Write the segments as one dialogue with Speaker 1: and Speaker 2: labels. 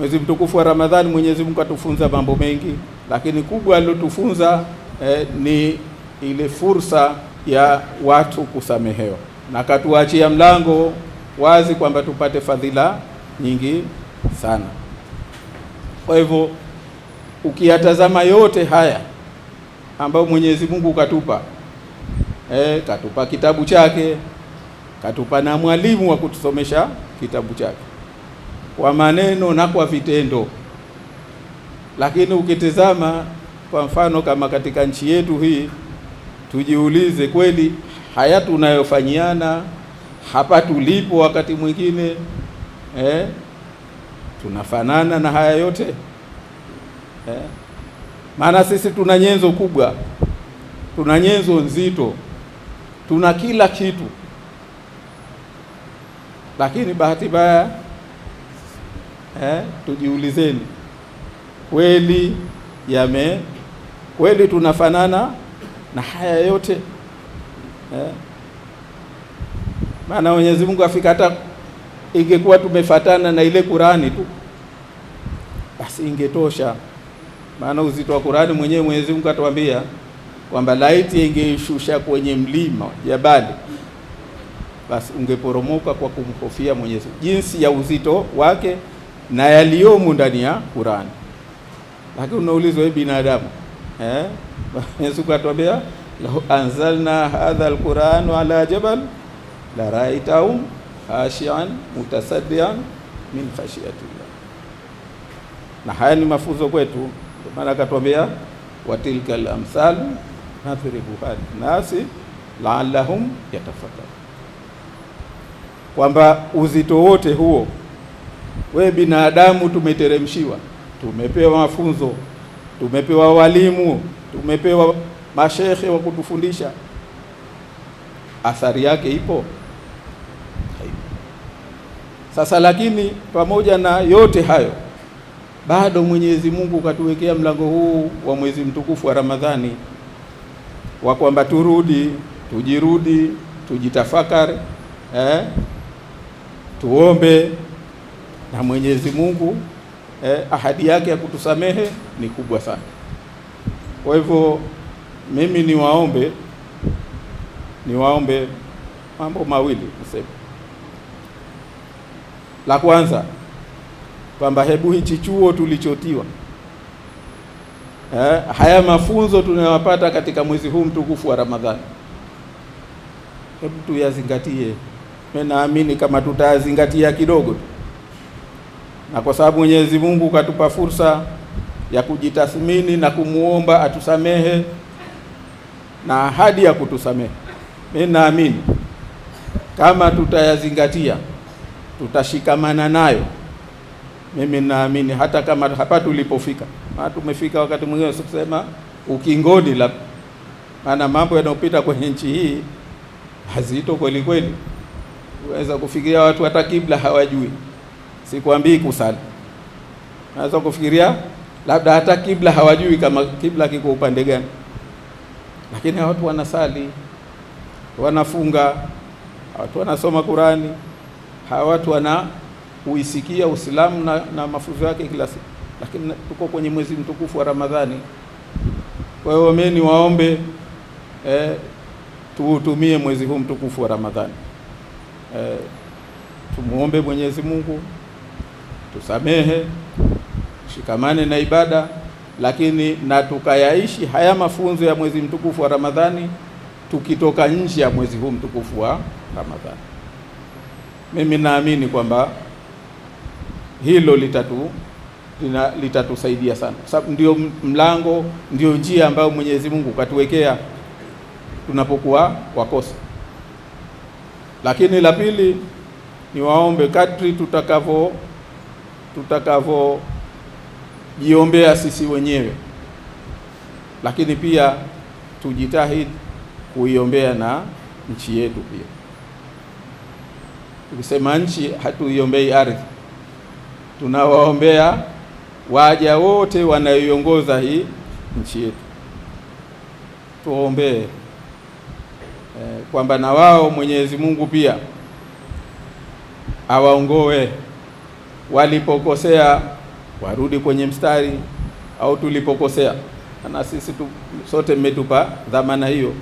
Speaker 1: Mwezi mtukufu wa Ramadhani Mwenyezi Mungu atufunza mambo mengi, lakini kubwa alilotufunza eh, ni ile fursa ya watu kusamehewa, na katuachia mlango wazi kwamba tupate fadhila nyingi sana. Kwa hivyo ukiyatazama yote haya ambayo Mwenyezi Mungu katupa eh, katupa kitabu chake, katupa na mwalimu wa kutusomesha kitabu chake kwa maneno na kwa vitendo. Lakini ukitizama kwa mfano kama katika nchi yetu hii, tujiulize kweli, haya tunayofanyiana hapa tulipo wakati mwingine eh, tunafanana na haya yote eh? Maana sisi tuna nyenzo kubwa, tuna nyenzo nzito, tuna kila kitu, lakini bahati mbaya eh, tujiulizeni kweli yame kweli tunafanana na haya yote eh? Maana Mwenyezi Mungu afika, hata ingekuwa tumefatana na ile Qurani tu basi ingetosha. Maana uzito wa Qurani mwenyewe Mwenyezi Mungu atuambia kwamba laiti ingeishusha kwenye mlima jabali, basi ungeporomoka kwa kumhofia Mwenyezi Mungu, jinsi ya uzito wake na yaliyomo ndani ya Qur'an. Lakini unaulizwa wewe binadamu eh, Yesu katwambia lau anzalna hadha alquran ala jabal la raitahu khashian mutasaddian min khashiyatillah. Na haya ni mafunzo kwetu, ndio maana akatuambia watilka alamthal nadhribuha linnasi laallahum yatafakkarun, kwamba uzito wote huo We binadamu tumeteremshiwa, tumepewa mafunzo, tumepewa walimu, tumepewa mashekhe wa kutufundisha. Athari yake ipo sasa, lakini pamoja na yote hayo bado Mwenyezi Mungu katuwekea mlango huu wa mwezi mtukufu wa Ramadhani wa kwamba turudi, tujirudi, tujitafakari eh, tuombe na Mwenyezi Mungu eh, ahadi yake ya kutusamehe ni kubwa sana. Kwa hivyo mimi niwaombe niwaombe mambo mawili niseme. La kwanza kwamba hebu hichi chuo tulichotiwa eh, haya mafunzo tunayopata katika mwezi huu mtukufu wa Ramadhani hebu tuyazingatie. Mimi naamini kama tutayazingatia kidogo tu na kwa sababu Mwenyezi Mungu katupa fursa ya kujitathmini na kumwomba atusamehe na ahadi ya kutusamehe, mimi naamini kama tutayazingatia, tutashikamana nayo, mimi naamini hata kama hapa tulipofika, maana tumefika wakati mwingine sikusema ukingoni la, maana mambo yanayopita kwenye nchi hii hazito kweli kweli, uweza kufikiria watu hata kibla hawajui sikuambii kusali, naweza kufikiria labda hata kibla hawajui kama kibla kiko upande gani, lakini watu wanasali, wanafunga, watu wanasoma Qurani, hawa watu wana uisikia Uislamu na, na mafunzo yake kila siku, lakini tuko kwenye mwezi mtukufu wa Ramadhani. Kwa hiyo mimi niwaombe eh, tuutumie mwezi huu mtukufu wa Ramadhani eh, tumuombe Mwenyezi Mungu tusamehe, shikamane na ibada, lakini na tukayaishi haya mafunzo ya mwezi mtukufu wa Ramadhani tukitoka nje ya mwezi huu mtukufu wa Ramadhani. Mimi naamini kwamba hilo litatu litatusaidia sana, sababu ndio mlango, ndio njia ambayo Mwenyezi Mungu katuwekea tunapokuwa wakosa. Lakini la pili, niwaombe kadri tutakavyo tutakavyojiombea sisi wenyewe, lakini pia tujitahidi kuiombea na nchi yetu pia. Tukisema nchi, hatuiombei ardhi, tunawaombea waja wote wanaoiongoza hii nchi yetu. Tuombee eh, kwamba na wao Mwenyezi Mungu pia awaongoe walipokosea warudi kwenye mstari au tulipokosea, na sisi tu, sote mmetupa dhamana hiyo.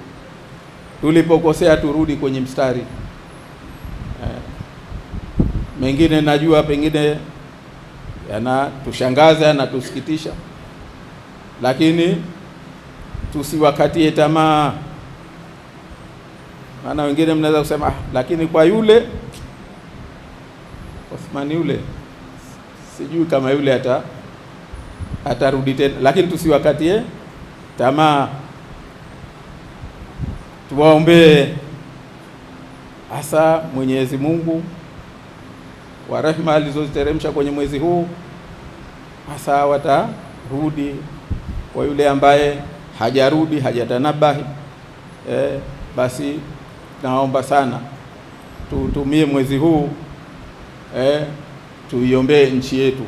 Speaker 1: Tulipokosea turudi kwenye mstari eh. Mengine najua pengine yanatushangaza yanatusikitisha, lakini tusiwakatie tamaa, maana wengine mnaweza kusema ah, lakini kwa yule Othmani yule sijui kama yule ata atarudi tena, lakini tusiwakatie tamaa, tuwaombee hasa Mwenyezi Mungu wa rehema alizoziteremsha kwenye mwezi huu, hasa watarudi kwa yule ambaye hajarudi hajatanabahi. Eh, basi naomba sana tuutumie mwezi huu eh, tuiombee nchi yetu,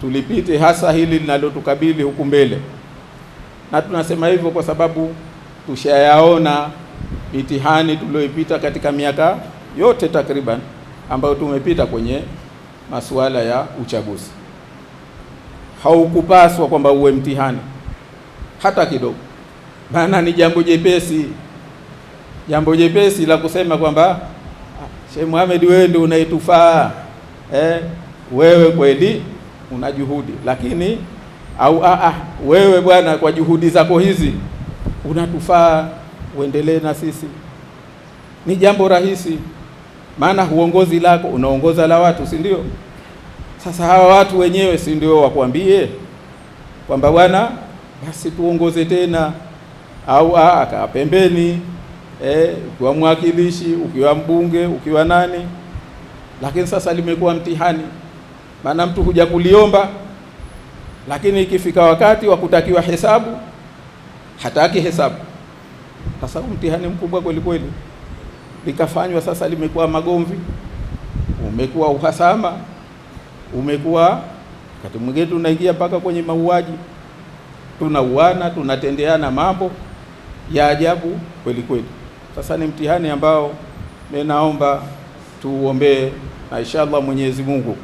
Speaker 1: tulipite hasa hili linalotukabili huku mbele. Na tunasema hivyo kwa sababu tushayaona mitihani tuliyoipita katika miaka yote takriban ambayo tumepita kwenye masuala ya uchaguzi. Haukupaswa kwamba uwe mtihani hata kidogo, maana ni jambo jepesi, jambo jepesi la kusema kwamba ah, Sheikh Mohamed, wewe ndio unayetufaa eh, wewe kweli una juhudi, lakini au ah, wewe bwana, kwa juhudi zako hizi unatufaa, uendelee na sisi. Ni jambo rahisi, maana huongozi lako unaongoza la watu, si ndio? Sasa hawa watu wenyewe, si ndio wakwambie kwamba bwana, basi tuongoze tena, au kaa pembeni eh, ukiwa mwakilishi, ukiwa mbunge, ukiwa nani lakini sasa limekuwa mtihani, maana mtu huja kuliomba, lakini ikifika wakati wa kutakiwa hesabu hataki hesabu. Sasa mtihani mkubwa kweli kweli, likafanywa sasa, limekuwa magomvi, umekuwa uhasama, umekuwa wakati mwingine tunaingia mpaka kwenye mauaji, tunauana, tunatendeana mambo ya ajabu kweli kweli. Sasa ni mtihani ambao mimi naomba tuombee na inshallah Mwenyezi Mungu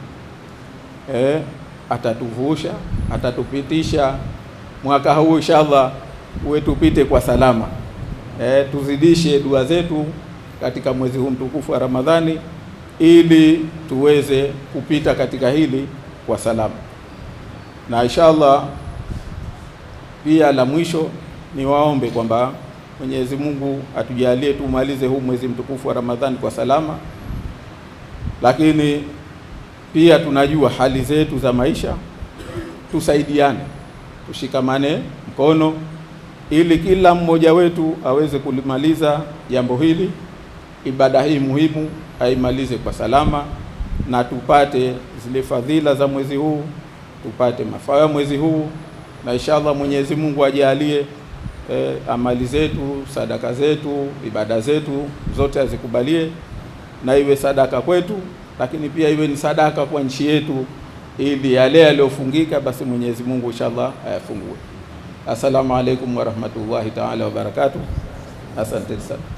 Speaker 1: eh, atatuvusha atatupitisha mwaka huu inshallah, uwe tupite kwa salama eh, tuzidishe dua zetu katika mwezi huu mtukufu wa Ramadhani ili tuweze kupita katika hili kwa salama, na inshallah pia la mwisho ni waombe kwamba Mwenyezi Mungu atujalie tumalize huu mwezi mtukufu wa Ramadhani kwa salama lakini pia tunajua hali zetu za maisha, tusaidiane, tushikamane mkono ili kila mmoja wetu aweze kulimaliza jambo hili, ibada hii muhimu aimalize kwa salama, na tupate zile fadhila za mwezi huu, tupate mafao ya mwezi huu, na inshallah Mwenyezi Mungu ajalie eh, amali zetu, sadaka zetu, ibada zetu zote azikubalie na iwe sadaka kwetu, lakini pia iwe ni sadaka kwa nchi yetu, ili yale yaliyofungika basi Mwenyezi Mungu inshallah ayafungue. Assalamu alaikum warahmatullahi taala wabarakatuh. Asante sana.